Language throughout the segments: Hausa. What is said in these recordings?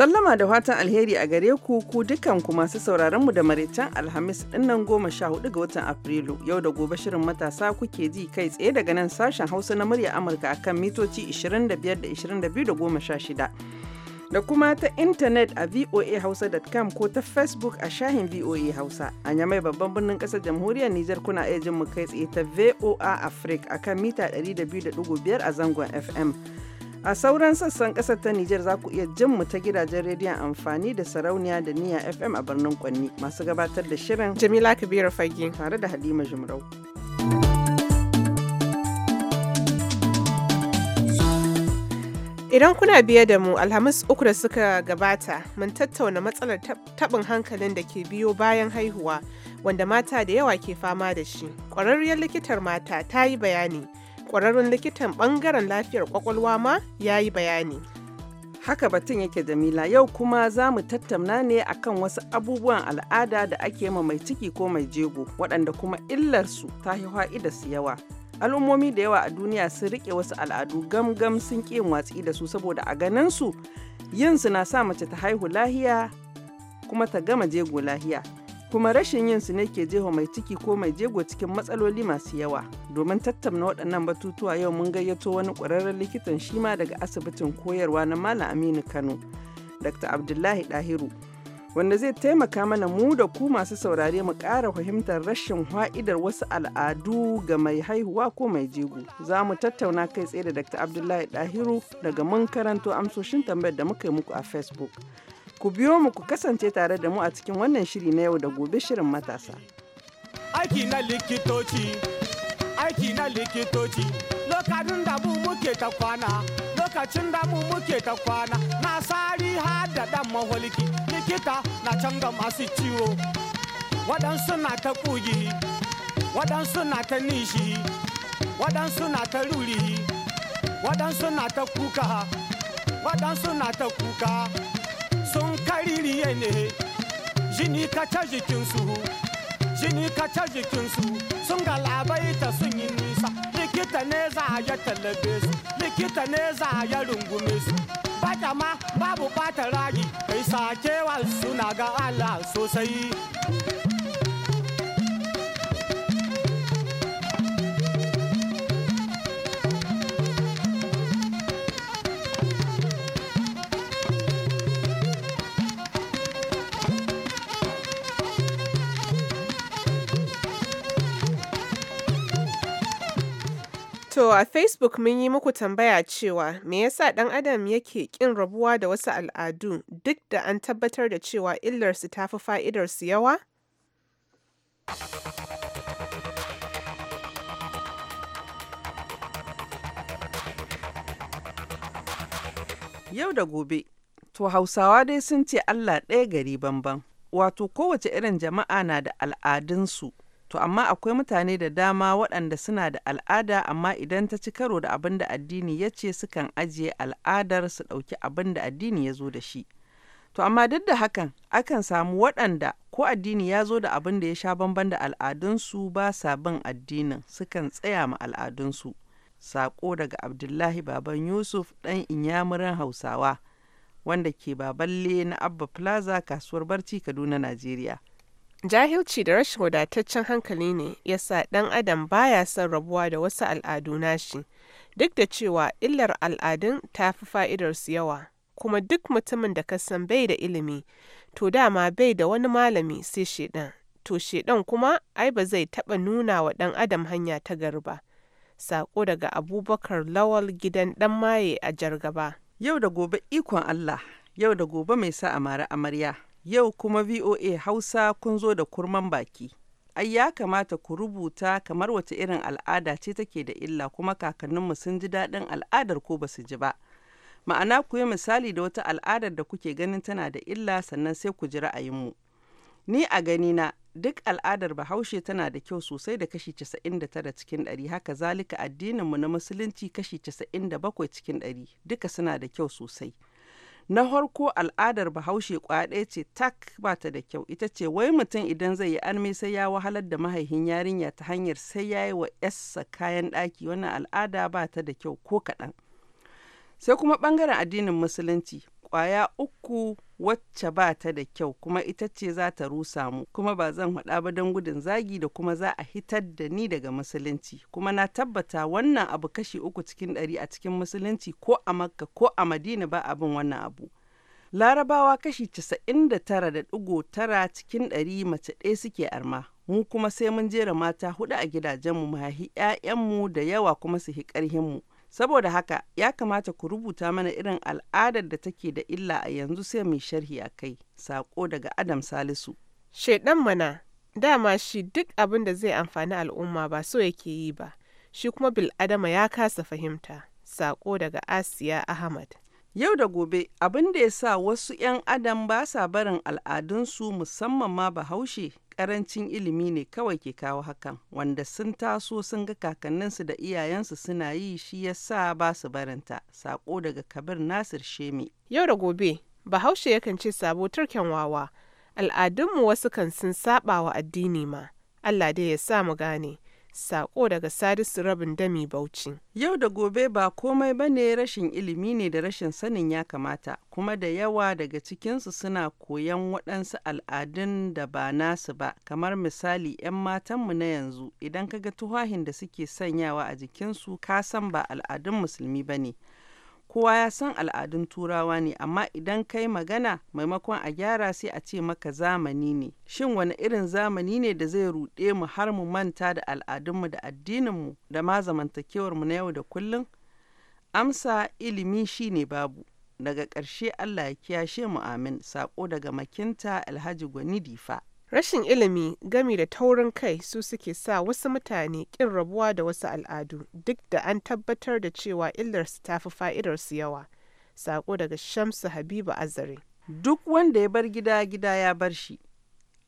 Sallama da fatan alheri a gare ku ku ku masu sauraron mu da maraicen Alhamis dinnan goma sha hudu ga watan Afrilu yau da gobe shirin matasa kuke ji kai tsaye daga nan sashen Hausa na murya Amurka akan mitoci 25 da 22 da goma sha shida. da kuma ta intanet a voahausa.com ko ta facebook a shahin voa hausa a yamai babban birnin kasar jamhuriyar nijar kuna iya jin mu kai tsaye ta voa africa akan mita 102.5 a zangon fm A sauran sassan ƙasar ta Nijar za ku iya jin mu ta gidajen rediyon amfani da sarauniya da niya FM a birnin Kwanni masu gabatar da shirin Jamila Kabiru Fage tare da Halima Jumrau. Idan kuna biye da mu Alhamis uku da suka gabata mun tattauna matsalar taɓin hankalin da ke biyo bayan haihuwa wanda mata da yawa ke fama da shi. Ƙwararriyar likitar mata ta yi bayani. Ƙwararrun likitan ɓangaren lafiyar ƙwaƙwalwa ma ya yi bayani. Haka batun yake Jamila yau kuma za mu tattauna ne akan wasu abubuwan al'ada da ake ma mai ciki ko mai jego waɗanda kuma illarsu ta da su yawa. Al'ummomi da yawa a duniya sun riƙe wasu al'adu gamgam sun ƙi watsi da su saboda a ganin su yin su na sa mace ta haihu lahiya kuma ta gama jego lahiya kuma rashin yin su ne ke jefa mai ciki ko mai jego cikin matsaloli masu yawa domin tattauna waɗannan batutuwa yau mun gayyato wani ƙwararren likitan shi ma daga asibitin koyarwa na malam aminu kano dr abdullahi dahiru wanda zai taimaka mana mu da ku masu saurare mu kara fahimtar rashin fa'idar wasu al'adu ga mai haihuwa ko mai jego za mu tattauna kai tsaye da dr abdullahi dahiru daga mun karanto amsoshin tambayar da muka yi muku a facebook Ku biyo mu ku kasance tare da mu a cikin wannan shiri na yau da gobe shirin matasa. Aiki na likitoci, aiki na likitoci, lokacin da mu muke ta kwana, lokacin da mu muke ta kwana, na sari har da dan maholiki, likita na canza masu ciwo, waɗansu na ta ƙugi, waɗansu na ta nishi, waɗansu na ta ruri, waɗansu na ta kuka, waɗansu na ta kuka. sun kaririye ne jini kaca jikinsu jini kaca jikinsu sun galabaita sun yi nisa likita ne za a ya talabe su likita ne za a ya rungume su bata ma babu bata ragi kai sakewa suna ga ala sosai To a Facebook mun yi muku tambaya cewa me yasa ɗan adam yake ƙin rabuwa da wasu al'adu duk da an tabbatar da cewa illarsu ta fi fa'idarsu yawa? Yau da gobe, to Hausawa dai sun ce Allah ɗaya gari bamban, wato kowace irin jama'a na da al'adunsu. To amma akwai mutane da dama waɗanda suna da al'ada amma idan ta ci karo da abin da addini ya ce sukan ajiye al'adar su ɗauki abin da addini ya zo da shi. To amma duk da hakan akan samu waɗanda ko addini ya zo da abin da ya sha bamban da al'adunsu ba sa bin addinin sukan tsaya ma al'adunsu. Sako daga Abdullahi Baban Yusuf ɗan Inyamuran Hausawa wanda ke Baballe na Abba Plaza kasuwar Barci Kaduna Najeriya. Jahilci da rashin wadataccen hankali ne ya sa ɗan adam baya ya son rabuwa da wasu al'adu nashi, duk da cewa illar al'adun ta fi fa'idarsu yawa, kuma duk mutumin da ka san bai da ilimi, to dama bai da wani malami sai shaidan. to shaidan kuma ai ba zai taɓa nuna wa ɗan adam hanya ta gari ba. Sako daga Abubakar Lawal gidan ɗan maye a Jargaba. Yau da gobe ikon Allah, yau da gobe mai sa amara amarya. Yau kuma VOA Hausa kun zo da kurman baki. Ai ya kamata ku rubuta kamar wata irin al'ada ce take da illa kuma kakanninmu sun ji daɗin al'adar ko ba su ji ba. Ma'ana ku yi misali da wata al'adar da kuke ganin tana da illa sannan sai ku ji ra'ayinmu. Ni a ganina duk al'adar bahaushe tana da kyau sosai da kashi casa'in da 99 cikin ɗari haka zalika addininmu na musulunci kashi casa'in da bakwai cikin ɗari, duka suna da kyau sosai. Na harko al'adar bahaushe kwaɗe ce tak bata da kyau ita ce wai mutum idan zai yi armi sai ya wahalar da mahaihin yarinya ta hanyar sai ya yi wa yassa kayan ɗaki wannan al'ada bata da kyau ko kaɗan. Sai kuma ɓangaren addinin musulunci kwaya uku wacce ba ta da kyau kuma ita ce za ta rusa mu kuma ba zan haɗa ba don gudun zagi da kuma za a hitar da ni daga musulunci kuma na tabbata wannan abu kashi uku cikin ɗari a cikin musulunci ko a makka ko a madina ba abin wannan abu larabawa kashi 99.9 cikin ɗari mace ɗaya suke arma mu kuma sai mun jera mata hudu a gidajenmu mu haihi 'ya'yanmu da yawa kuma su hi ƙarhinmu Saboda haka ya kamata ku rubuta mana irin al'adar da take da illa a yanzu sai mu sharhi a kai. Sako daga Adam Salisu. Shaidan mana, dama shi duk abin da zai amfani al'umma ba so yake yi ba, shi kuma bil'adama ya kasa fahimta. Sako daga Asiya Ahmad. Yau da gobe abin da ya sa wasu 'yan adam ba sa barin al'adunsu musamman ma bahaushe ƙarancin ilimi ne kawai ke kawo hakan wanda sun taso sun ga kakanninsu da iyayensu suna yi shi ya sa ba su barinta sako daga kabir nasir shemi yau da gobe bahaushe yakan ce sabo turken wawa al'adunmu wasu kan sun saba wa addini ma allah dai ya sa mu gane Sako daga sadis Rabin Dami Bauchi. Yau da gobe ba komai ba ne rashin ilimi ne da rashin sanin ya kamata, kuma da yawa daga cikinsu suna koyan waɗansu al'adun da ba nasu ba, kamar misali 'yan matanmu na yanzu idan kaga ga tuhahin da suke sanyawa a jikinsu kasan ba al'adun musulmi ba ne. kowa ya san al'adun turawa ne amma idan kai magana maimakon a gyara sai a ce maka zamani ne shin wani irin zamani ne da zai ruɗe mu har mu manta da al'adunmu da addininmu da ma mu na yau da kullum amsa ilimi shine babu daga ƙarshe allah ya kiyashe mu amin sako daga makinta alhaji gwani difa Rashin ilimi gami da taurin kai su suke sa wasu mutane ƙin rabuwa da wasu al'adu duk da an tabbatar da cewa illarsu ta fi fa'idarsu yawa. Sako daga Shamsu Habibu Azare. Duk wanda ya bar gida gida ya bar shi.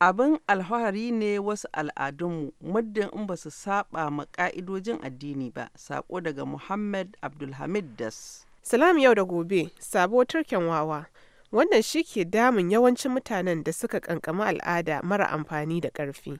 Abin alfahari ne wasu al'adunmu muddin in ba su saba ma ka'idojin addini ba. Sako daga Muhammad Abdulhamid Das. Salam yau da gobe, sabo turken wawa. Wannan shi ke damun yawancin mutanen da suka kankama al'ada mara amfani da ƙarfi.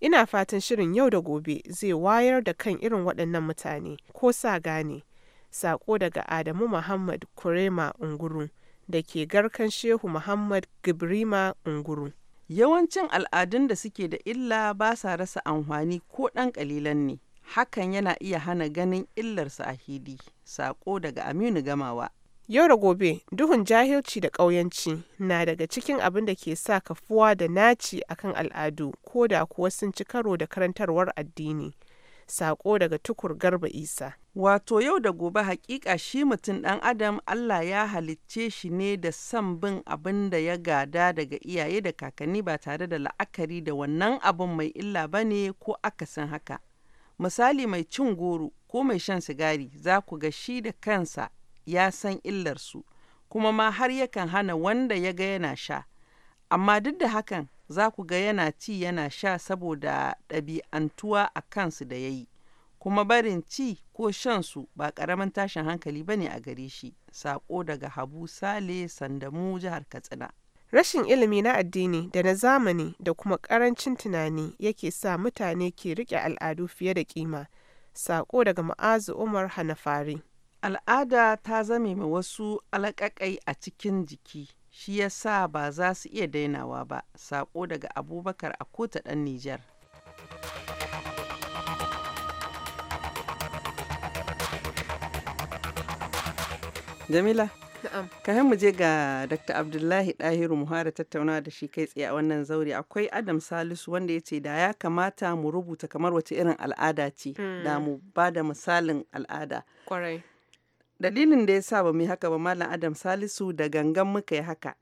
Ina fatan shirin yau da gobe zai wayar da kan irin waɗannan mutane ko sa gane. Sako daga Adamu Muhammad Kurema Unguru da ke garkan Shehu Muhammad Gibrima Unguru. Yawancin al'adun da suke da illa ba sa rasa amfani ko ɗan ƙalilan ne. Hakan yana iya hana ganin illarsa a hili. Sako daga Aminu Gamawa. Yau da gobe, duhun jahilci da ƙauyanci na daga cikin abin da ke sa kafuwa da naci akan al'adu ko da kuwa sun ci karo da karantarwar addini. Sako daga Tukur Garba Isa. Wato yau da gobe hakika shi mutum ɗan adam Allah ya halicce shi ne da son bin abin da ya gada daga iyaye da kakanni ba tare da la'akari da wannan abin mai illa ba ne ko akasin haka. Misali mai cin goro ko mai shan sigari za ku ga shi da kansa ya san illarsu kuma ma har yakan hana wanda ya ga yana sha amma duk da hakan za ku ga yana ci yana sha saboda ɗabi'antuwa a kansu da ya yi kuma barin ci ko shan su ba ƙaramin tashin hankali ba ne a gare shi saƙo daga habu sale sandamu jihar katsina rashin ilimi na addini da na zamani da kuma ƙarancin tunani yake sa mutane ke riƙe al'adu fiye da kima saƙo daga ma'azu umar hanafari al'ada ta zame ma wasu alaƙaƙai a cikin jiki shi ya sa ba za su iya dainawa ba saƙo daga abubakar a kota ɗan nijar jamila Ka mu je ga Dr. Abdullahi Ɗahiru, Muhara tattauna da shi kai tsaye a wannan zaure akwai Adam Salisu wanda ya ce da ya kamata mu rubuta kamar wace irin al'ada ce mm. da mu ba da misalin al'ada. Kwarai. dalilin da ya sa ba mu yi haka ba malam adam salisu da gangan muka yi haka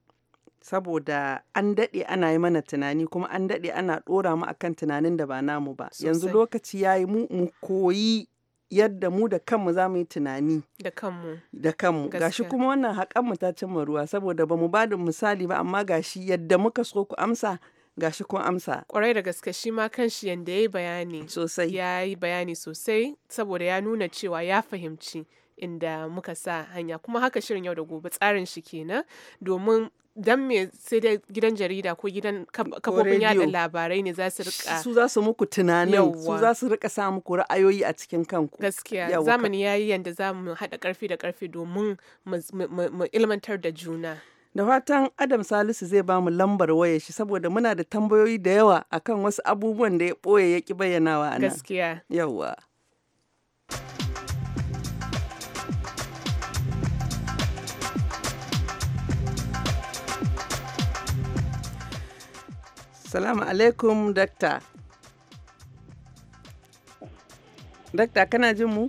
saboda an daɗe ana yi mana tunani kuma an daɗe ana ɗora mu akan tunanin da ba namu ba yanzu lokaci ya yi mu koyi yadda mu da kanmu za mu yi tunani da kanmu da kanmu gashi kuma wannan mu ta cimma ruwa saboda ba mu ba da misali ba amma gashi yadda muka so ku amsa gashi kun amsa kwarai da gaske shi ma shi yanda ya yi bayani sosai ya yi bayani sosai saboda ya nuna cewa ya fahimci inda muka sa hanya kuma haka shirin yau da gobe tsarin shi kenan domin dan me sai dai gidan jarida ko gidan kafofin yada labarai ne za su rika su za su muku tunanin su za su rika sa muku ra'ayoyi a cikin kanku gaskiya zamani yayi yanda za mu haɗa karfi da karfi domin mu ilmantar da juna da fatan adam salisu zai bamu lambar waya shi saboda muna da tambayoyi da yawa akan wasu abubuwan da ya ɓoye ya ki bayyanawa a gaskiya yawa Salamu alaikum, dakta. Dakta, kana jin mu?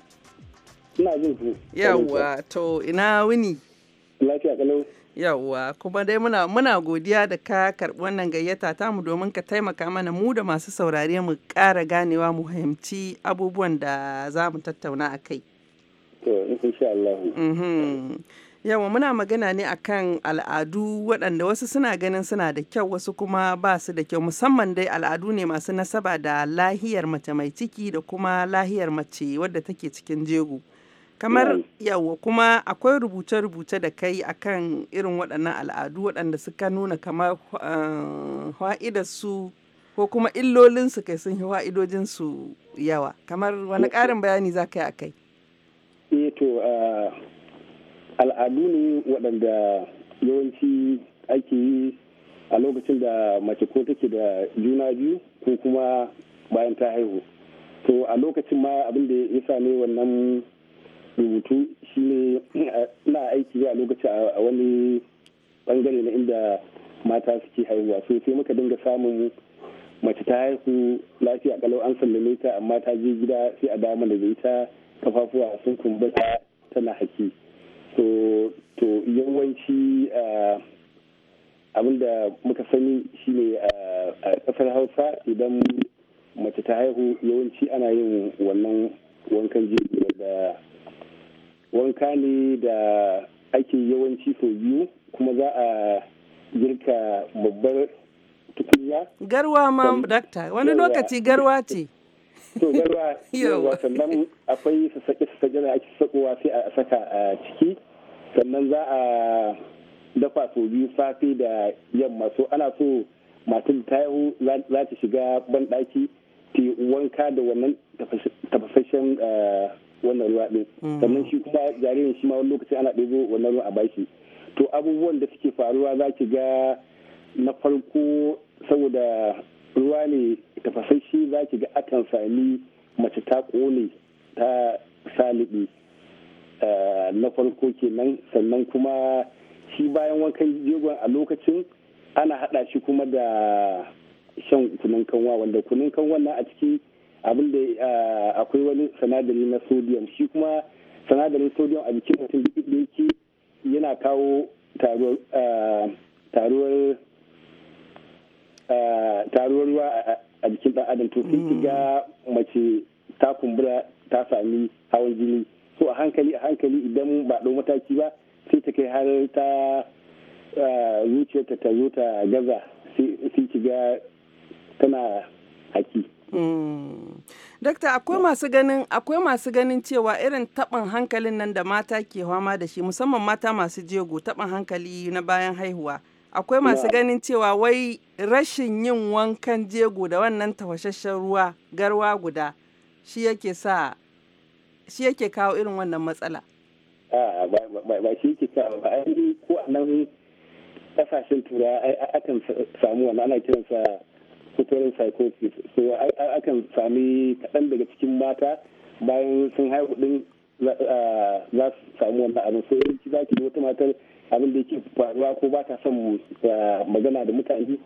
Ina jin ku. Yawwa, to ina wuni? Lafiya kalau. Yawwa, kuma dai muna, muna godiya da ka karɓi wannan gayyata ta mu domin ka taimaka mana mu da masu saurare mu ƙara ganewa mu fahimci abubuwan da za mu tattauna a kai. To, insha Allah. Mhm. Yawa muna magana ne akan al'adu waɗanda wasu suna ganin suna da kyau wasu kuma ba su da kyau musamman dai al'adu ne masu nasaba da lahiyar mace mai ciki da kuma lahiyar mace wadda take cikin jego. Kamar mm. yawa kuma akwai rubuce-rubuce da kai akan irin waɗannan al'adu waɗanda suka nuna kamar uh, eh, su ko kuma illolinsu kai sun yi su yawa. Kamar wani mm. ƙarin bayani za ka yi a kai? Eh ah, al'adu ne waɗanda yawanci ake yi a lokacin da mace ko take da juna biyu ko kuma bayan ta haihu to a lokacin ma abin da ya sa ne wannan rubutu shi ne na aiki a lokacin a wani bangare na inda mata suke haihuwa so sai muka dinga samun mace ta haihu lafiya kalau an sallame ta amma ta je gida sai a dama da ta kafafuwa sun kumbata tana haki to to yawanci eh, da muka sani shine eh, a kasar hausa idan mace ta haihu yawanci ana yin wannan wankan da wanka ne da ake yawanci sau biyu kuma za a girka babbar tukunya garwa ma dakta wani lokaci garwa ce to garba yawa sannan akwai sassaƙe sassaƙe da ake sakowa sai a saka a ciki sannan za a dafa su biyu safe da yamma so ana so matan ta za ta shiga banɗaki ta wanka da wannan tafasashen eh, wannan ruwa ɗin mm. sannan shi kuma jaririn shi ma wani lokaci ana ɗebo wannan ruwa a bashi to abubuwan da suke faruwa za ki ga na farko saboda ruwa ne tafasasshe za ki ga akan sami mace ta kone ta salibi eh, na farko kenan sannan kuma shi bayan wankan jegon a lokacin ana hada shi kuma da shan kunun kanwa wanda kunun kanwa na a ciki abinda eh, akwai wani sanadari na sodium shi kuma sanadarin sodium a jikin mutum da yake yana kawo taruwar eh, taruwar ruwa a jikin ɗan adam to ga mace ta kumbura ta sami hawan jini so a hankali a hankali idan ba ɗau mataki ba sai ta kai har ta zuciyarta ta zo ta gaza sai ki ga tana haki mm. Dokta akwai masu ganin akwai masu ganin cewa irin taɓin hankalin nan da mata ke fama da shi musamman mata masu jego taɓin hankali na bayan haihuwa akwai masu ganin cewa wai rashin yin wankan jego da wannan tafashashen ruwa garwa guda shi yake sa kawo irin wannan matsala ba shi yake kawo ba ko a nan kasashen tura akan samu wani ana kiransa kuturin psychosis so akan sami kaɗan daga cikin mata bayan sun haihu din za su samu wannan abin so yanki za ki wata matar abin da yake faruwa ko ba ta son eh, magana da mutane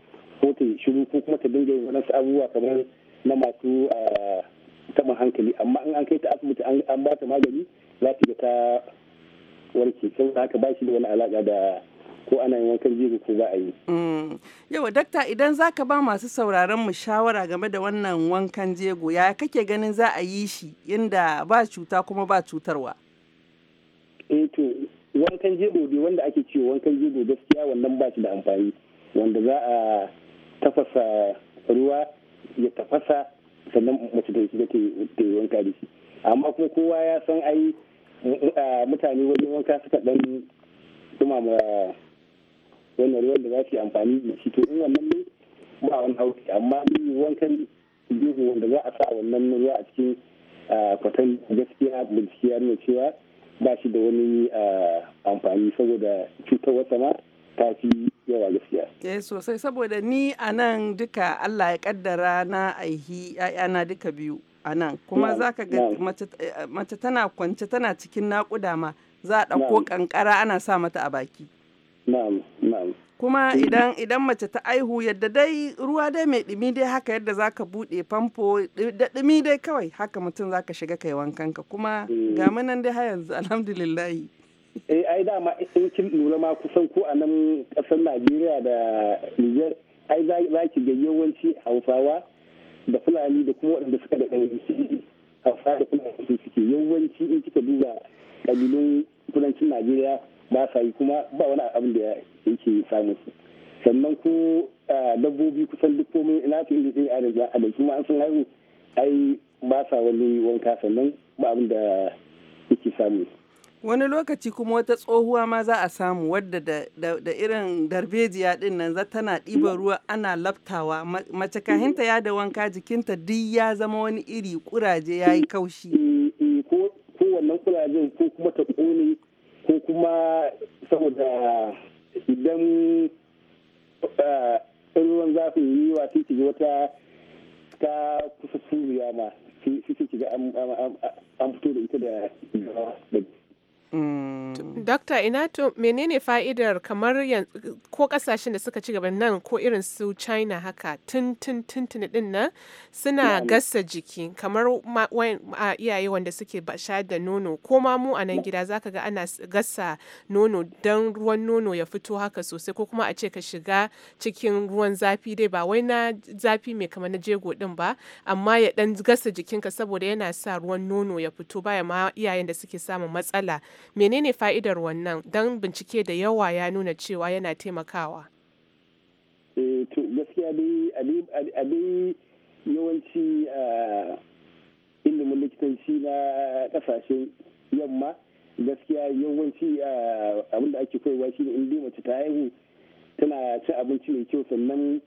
ko ta shiru ko kuma ta dinga yin wadansu abubuwa kamar na masu eh, taɓin hankali amma in an kai ta asibiti an ba ta magani za ta ga ta warke saboda haka ba shi da wani alaƙa da ko ana yin wankan jego ko ba a yi. Mm. Yawa dakta idan za ka ba masu sauraron mu shawara game da wannan wankan jego ya kake ganin za a yi shi inda ba cuta kuma ba cutarwa? Eh, wankan jego dai wanda ake ciwo wankan jego gaskiya wannan ba shi da amfani wanda za a tafasa ruwa ya tafasa sannan mace da shi ta yi wanka da shi amma kuma kowa ya san ai mutane wajen wanka suka dan ma wannan ruwan da za su yi amfani da shi to in wannan ne ba wani hauki amma wankan jego wanda za a sa wannan ruwa a cikin kwatan gaskiya bincike ya nuna cewa ba shi da wani eh, amfani saboda cutar wata ma ta fi yawa gaskiya. Eh sosai saboda ni a nan duka Allah ya kaddara na aihi ‘ya'yana duka biyu a nan kuma za ka ga eh, mace tana kwance tana cikin naƙuda ma za a ɗauko ƙanƙara ana sa mata a baki. kuma idan idan mace ta aihu yadda dai ruwa dai mai dumi dai haka yadda zaka bude famfo da dumi dai kawai haka mutum zaka shiga kai wankan ka kuma ga eh. nan dai har yanzu alhamdulillah eh ai ma in kin lura ma kusan ko a nan kasar Najeriya da Niger ai za ki ga yawanci Hausawa da Fulani da kuma waɗanda suka da ɗan Hausawa da Fulani suke yawanci in kika duba kabilun kudancin Najeriya ba sa yi kuma ba wani abin da yake samu su sannan ko dabbobi kusan duk komai ina fi inda sai adam a da kuma an san haihu ai ba sa wani wanka sannan ba abin da yake samu wani lokaci kuma wata tsohuwa ma za a samu wadda da, irin darbejiya din nan za tana ɗiban ruwa ana laftawa mace kahinta ya da wanka jikinta duk ya zama wani iri kuraje ya yi mm. kaushi mm, mm, ko wannan kurajen ko kuma ta ƙone ko kuma saboda idan eh, ruwan zafin yi wa sai wata ta kusa suriya ma sai shiga an fito da ita da Mm. Dokta Inato menene fa'idar kamar ko kasashen da suka ci gaba nan ko irin su China haka tun tun din nan suna gasa jiki kamar iyaye wanda suke basha da nono ko ma mu a nan gida zaka ga ana gasa nono don ruwan nono ya fito haka sosai ko kuma a ce ka shiga cikin ruwan zafi dai ba wai na zafi mai kamar na jego din ba amma ya dan gasa jikinka saboda yana sa ruwan nono ya fito baya ma iyayen da suke samun matsala menene fa'idar wannan don bincike da yawa ya nuna cewa yana taimakawa eh, gaskiya dai yawanci ah, ilimin likitanci na kasashen yamma gaskiya yawanci ah, abin da ake koyarwa shi ne in dai mace ta haihu tana ci abinci mai kyau sannan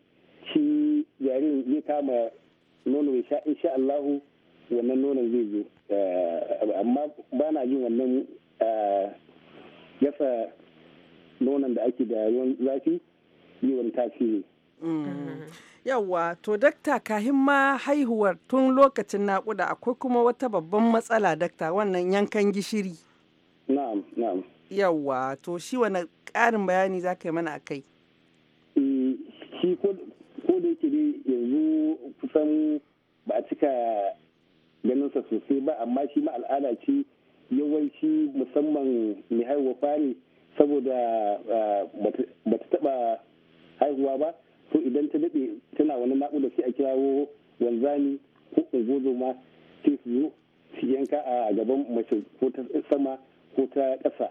shi jaririn zai kama nono ya sha insha wannan nonon zai zo ah, amma ba na yin wannan yasa eh, nonon da ake da ruwan zafi yi wani tasiri mm. yawwa to dakta ka himma haihuwar tun lokacin naƙuda akwai kuma wata babban matsala dakta wannan yankan gishiri na'am na'am yawwa to shi wani ƙarin bayani za ka yi mana akai mm, shi ko da yake dai yanzu kusan ba a cika ganin sa sosai ba amma shi ma al'ada ce yawanci musamman mai haihuwa fari saboda ah, ba ta taba haihuwa ba to idan ta daɗe tana wani naƙuda sai a kirawo wanzani ko ungozoma sai su zo su yanka a gaban mace ko ta sama ko ta ƙasa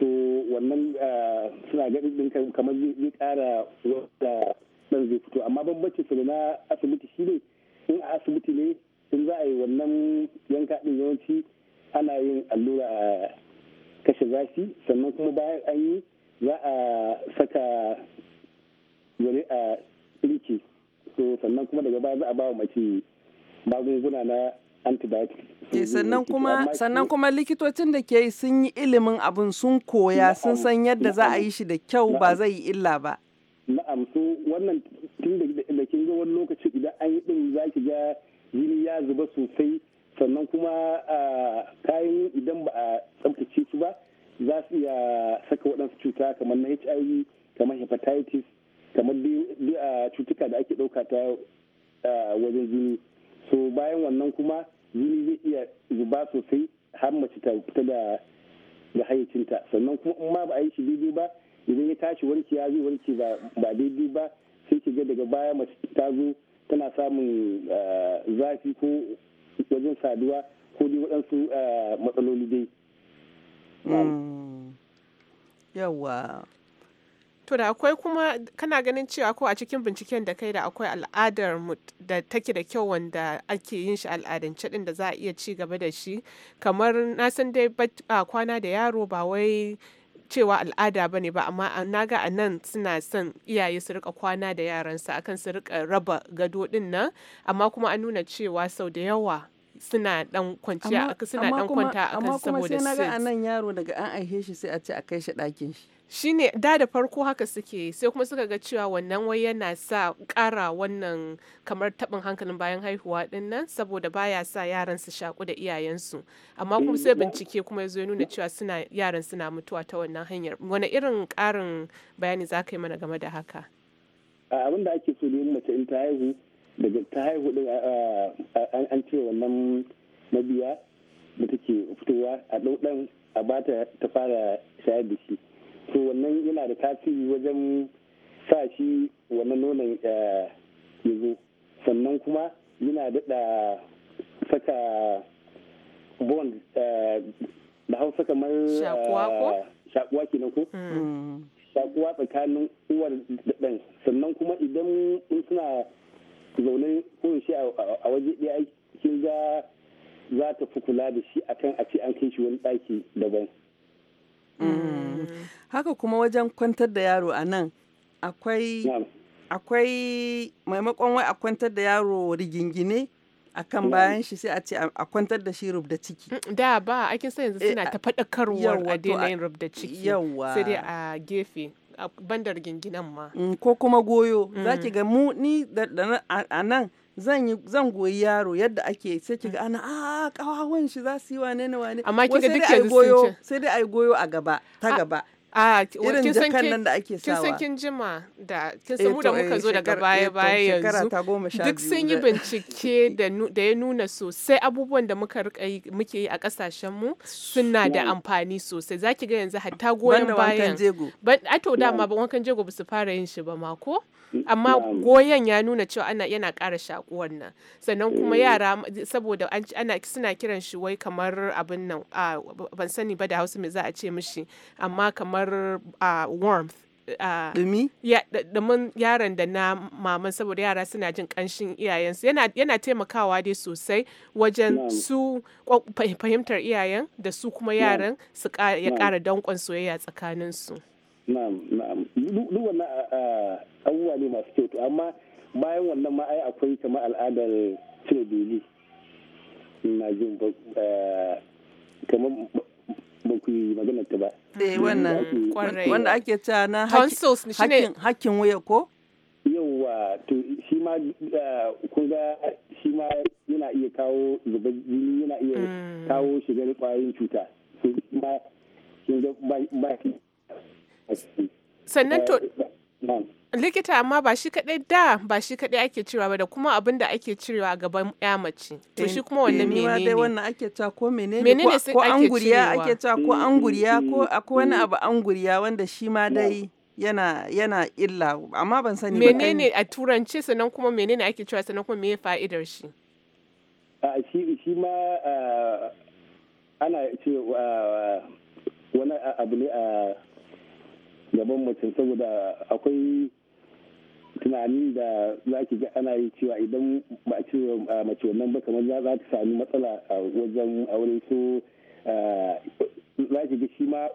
to wannan ah, suna ganin kamar zai ƙara wanda ɗan zai fito amma bambanci su na asibiti shi ne in a asibiti ne in za a yi wannan yanka ɗin yawanci ana yin allura a kashe zafi sannan kuma bayan an yi za a saka wani a tsirki so sannan kuma daga baya za a ba mace magunguna na antibiotics eh, sannan kuma likitocin da ke sun yi ilimin abin sun koya sun san yadda za a yi shi da kyau ba zai yi illa ba na'am so wannan tun da kin ga wani lokaci idan an yi din zaki ga jini ya zuba sosai sannan kuma kayan idan ba a tsabtace su ba za su iya saka waɗansu cuta kamar na hiv kamar hepatitis kamar cutuka da ake ɗauka ta wajen jini so bayan wannan kuma jini zai iya zuba sosai har mace ta fita da hayyacinta sannan kuma in ma ba a yi shi daidai ba idan ya tashi ya zai warke ba daidai ba sai ki ga daga baya mace ta zo tana samun zafi ko wajen saduwa ko dai waɗansu eh, matsaloli dai. Hmm. Yawa. To da akwai kuma kana ganin cewa ko a cikin binciken da kai da akwai al'adar mu da take da kyau wanda ake yin shi al'adance din da za a iya ci gaba da shi kamar na san dai kwana da yaro ba wai cewa al'ada ba ne ba amma na ga a nan suna son iyaye su rika kwana da yaransa akan su rika raba gado din nan amma kuma an nuna cewa sau da yawa suna dan kwanciya suna dan kwanta a kan saboda amma kuma sai naga anan yaro daga an aihe shi sai a ce a kai shi ɗakin shi shine da da farko haka suke sai kuma suka ga cewa wannan wai yana sa ƙara wannan kamar taɓin hankalin bayan haihuwa din nan saboda baya sa yaran su shaku da iyayensu amma kuma sai bincike kuma ya zo ya nuna cewa suna yaran suna mutuwa ta wannan hanyar wani irin ƙarin bayani za ka yi mana game da haka abin da ake so ne mace in ta haihu daga ta haihu din an ce wannan mabiya da take fitowa a ɗauɗan a bata ta fara shayar da shi to wannan yana da tasiri wajen sa shi wannan nonon ya zo sannan kuma yana daɗa saka bond eh, da hausa kamar eh, shakuwa kenan ko hmm. shakuwa tsakanin uwar da ɗan sannan kuma idan in suna zaune koyaushe a waje ɗaya kin ga za ta fi kula da shi akan a ce an kai shi wani ɗaki daban. Mm. Haka kuma wajen kwantar da yaro a nan akwai akwai maimakon wai a kwantar da yaro rigingine a kan bayan shi sai a ce a kwantar da shi rubda ciki. Mm, da ba, kin sai yanzu suna eh, ta faɗakarwar a daina yin rubda ciki. Sai dai a gefe. bandar ginginan ma mm, ko kuma goyo mm. Za ki ga mu ni a nan zan goyi yaro yadda ake sai ki ga mm. ana a ah, kawawan shi za su yi wane ne wane amma kiga duk yanzu ce. sai dai yi goyo a gaba ta gaba A irin da ake sawa. san kin jima da kin eh mu da muka eh, zo daga eh, baya baya yanzu. Duk sun yi bincike da ya nuna sosai abubuwan da muka muke yi a kasashen mu suna da amfani sosai. Zaki ga yanzu hatta goyon bayan. Ban da dama ban wankan jego ba su fara yin shi ba ma ko? Amma goyon ya nuna cewa ana yana ƙara shakuwar nan. Sannan kuma mm. yara saboda ana suna kiran shi wai kamar abin nan ban sani ba da Hausa me za a ce mishi amma kamar kamar uh, warmth dumi? Dumin yaron da na maman saboda yara suna jin kanshin iyayensu yana taimakawa dai sosai wajen su fahimtar iyayen da su kuma yaran su ya kara dankon soyayya tsakaninsu. Na'am, na'am. Duk a abubuwa ne masu kyau amma bayan wannan ma ai akwai kama al'adar cire beli. na jin eh, kamar yi magana ta ba. Eh wanda ake ta na hakkin waya ko? Yawwa to shi ma ah, kun ga shi ma yana iya kawo zubar yana iya hmm. kawo shigar kwayoyin cuta. So ma kin ga ba sannan to likita amma ba shi kaɗai da ba shi kaɗai ake cirewa ba da kuma abin da ake cirewa a gaban ya mace to eh, shi kuma wannan eh, menene dai wannan ake cewa ko menene ne ko anguriya ake cewa ko anguriya ko mm, mm, akwai wani mm. abu anguriya wanda shi ma dai yana yana illa amma ban sani ba menene a turance sannan kuma menene ake cewa sannan kuma me fa'idar shi a shi shi ma ana ce wani abu ne a gaban mutum saboda akwai tunanin da za ki ga ana yi cewa idan ba ci mace wannan ba kamar za ta sami matsala wajen aure so za ki ga shi ma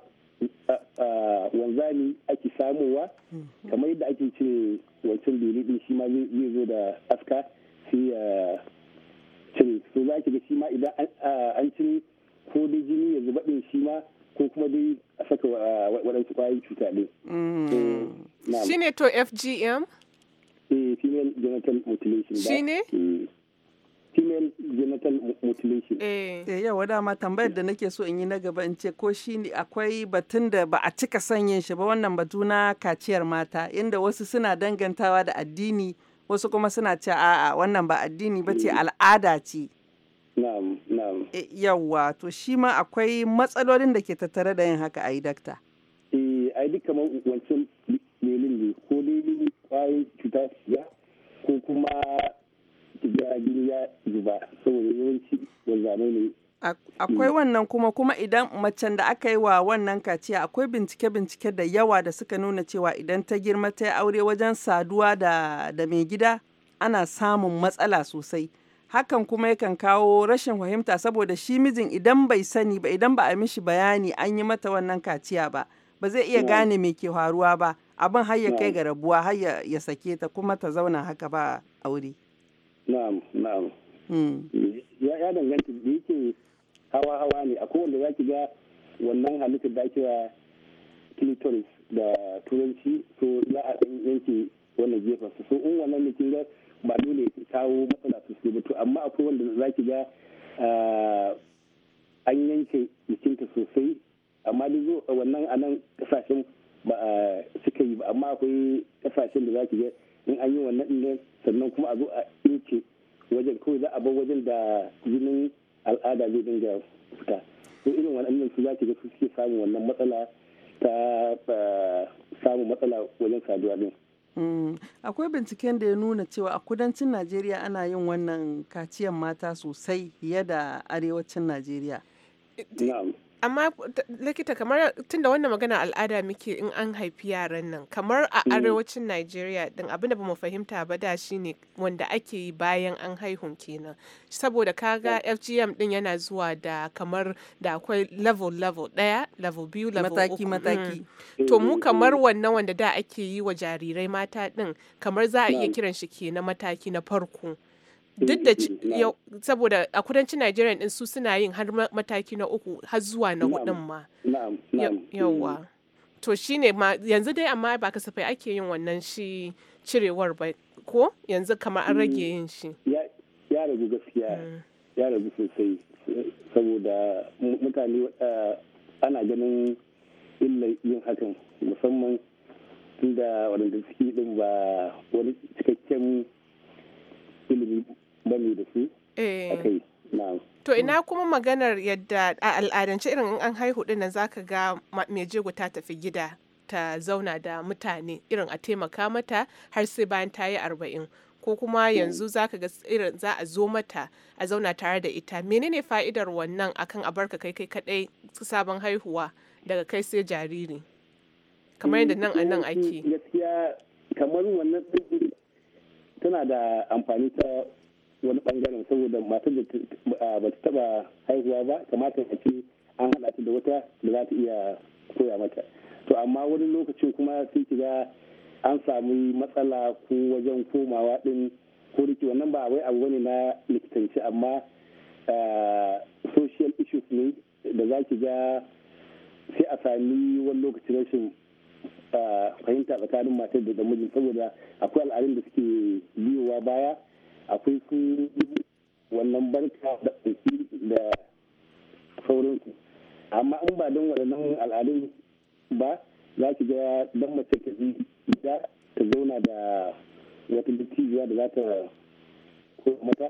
wanzani ake samowa mm-hmm. kamar yadda ake cire wancan beli din shi ma zai zo da aska sai ya cire so za ki ga shi ma idan an cire ko dai jini ya zuba ɗin shi ma ko kuma dai a saka waɗansu ƙwayoyin cuta ɗin. Mm. Shi ne to FGM? eh female genital mutilation ba shine hmm. female genital mutilation eh, eh yawa dama tambayar da nake so in yi na gaba in ce ko shi ne akwai batun da ba a cika sanyin shi ba wannan batu na kaciyar mata inda wasu suna dangantawa da addini wasu kuma suna ce a'a wannan ba addini ba ce hmm. al'ada ce Na'am, na'am. Eh, Yawwa, to shi ma akwai matsalolin da ke tattare da yin haka a yi dakta. Eh, ai duk kamar wancan lelin ne ko lelin kwayoyin cuta ko kuma ya zuba saboda yawanci ne akwai wannan kuma kuma idan macen da aka yi wa wannan kaciya akwai bincike-bincike da yawa da suka nuna cewa idan ta girma ta yi aure wajen saduwa da, da mai gida ana samun matsala sosai hakan kuma yakan kawo rashin fahimta saboda shi mijin idan bai sani ba idan ba a mishi bayani an yi mata wannan kaciya ba ba zai iya gane me ke faruwa ba abin har ya kai ga rabuwa har ya sake ta kuma ta zauna haka ba aure na'am na'am hmm. ya danganta da yake hawa hawa ne a kowanne za ki ga wannan halitta da wa clitoris da turanci so za a yanke wannan gefen su so in wannan ne ga ba dole ya kawo matsala su ba to amma akwai wanda za ki ga ah, an yanke jikinta sosai amma duk wannan a nan kasashen ba suka yi ba amma akwai kasashen da za ki ga in an yi wannan ɗin sannan kuma a zo a ɗinke wajen kawai za a bar wajen da jinin al'ada zai dinga fita to irin wannan su za ki ga su suke samun wannan matsala ta samun matsala wajen saduwa din. Mm. Akwai binciken da ya nuna cewa a kudancin Najeriya ana yin wannan kaciyan mata sosai fiye da arewacin Najeriya. amma likita kamar tunda wannan magana al'ada muke in an haifi yaran nan kamar a mm. arewacin Najeriya din abinda bamu fahimta ba da shine wanda ake yi bayan an haihun kenan saboda kaga FGM mm. din yana zuwa da kamar da akwai level level daya level biyu level mataki mataki mm. to mu kamar wannan wanda da ake yi wa jarirai mata din kamar za a iya kiran shi kenan mataki na farko duk da saboda a kudancin Najeriya din su suna yin har mataki na uku har zuwa na hudun ma Yawwa. Mm. to shine ma yanzu dai amma ba kasafai ake yin wannan shi cirewar ba ko yanzu kamar an rage mm. yin shi ya ragu gaskiya mm. ya ragu sosai saboda mutane eh, ana ganin illar yin hakan musamman tunda wadanda suke din ba wani cikakken ilimi bane da shi akai eh. to ina kuma maganar yadda a al'adance irin in an haihu dinnan zaka ga mai jego ta tafi gida ta zauna da mutane irin a taimaka mata har sai bayan ta yi arba'in ko kuma mm. yanzu zaka ga irin za a zo mata a zauna tare da ita menene fa'idar wannan akan a barka kai kai kadai sabon haihuwa daga kai sai jariri kamar yadda nan a nan mm, ake gaskiya kamar wannan tana da amfani ta wani bangaren saboda matar da ba ta taba haihuwa ba kamata a ce an hada ta da wata da za ta iya koya mata to amma wani lokacin kuma sai kiga an samu matsala ko wajen komawa din ko rike wannan ba wai abu ne na likitanci amma social issues ne da za ki ga sai a sami wani lokacin rashin fahimta tsakanin matar da mijin saboda akwai al'adun da suke biyowa baya akwai su wannan barka da ƙunshi da ku amma in ba don waɗannan al'adun ba za ki ga dan mace ta da ta zauna da wata dattijuwa da za ta ko mata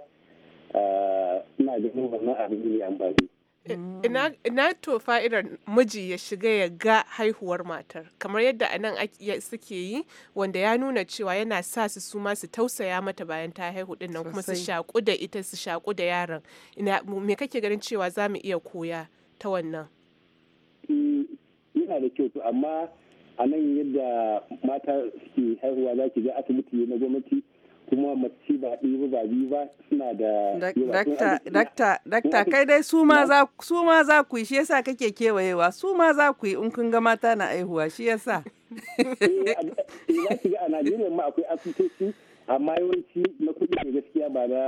suna ah, ganin wannan abin ne amfani Ina to fa'idar miji ya shiga ya ga haihuwar matar, kamar yadda a nan suke yi, wanda ya nuna cewa yana sa su su ma su tausaya mata bayan ta haihu din nan kuma su shaƙu da ita su shaƙu da yaron. Ina me kake ganin cewa za mu iya koya ta wannan? Mm, yana da kyau amma a nan yadda mata suke haihuwa za ki ga asibiti na gwamnati kuma mace ba ɗaya ba biyu ba suna da dakta dakta kai dai su ma za su ma za ku yi shi yasa kake kewayewa su ma za ku yi in kun ga mata na aihuwa shi yasa eh, za ki ga a Najeriya ma akwai asusoci amma yawanci na kuɗi da gaskiya ba na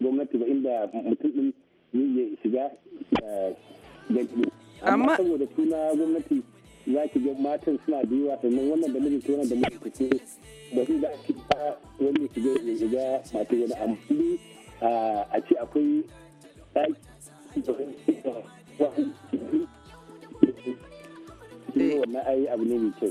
gwamnati ba inda mutum din ya shiga eh, amma saboda suna gwamnati za ki ga matan suna da yawa sannan wannan da mijin wannan da mijin ba su da wani zai shiga masu wani amfani a ce akwai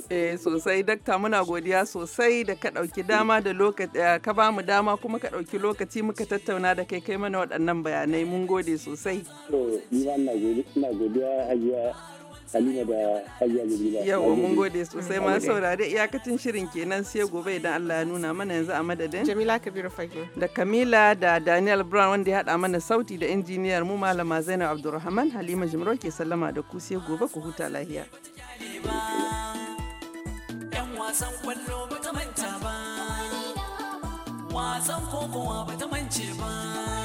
Eh sosai dakta muna godiya sosai da ka ɗauki dama da lokaci eh, ka ba mu dama kuma ka ɗauki lokaci muka tattauna da kai kai mana waɗannan bayanai mun gode sosai. To ni na godiya hajiya Halima da Jibrila. mun gode sosai ma saurare iyakacin shirin kenan sai gobe idan Allah ya nuna mana yanzu a madadin. Jamila Kabiru Fage. Da Kamila da Daniel Brown wanda ya haɗa mana sauti da injiniyar mu Malama Zainab Abdulrahman Halima Jimro ke sallama da ku sai gobe ku huta lahiya. Wasan kokowa ba ta mance ba.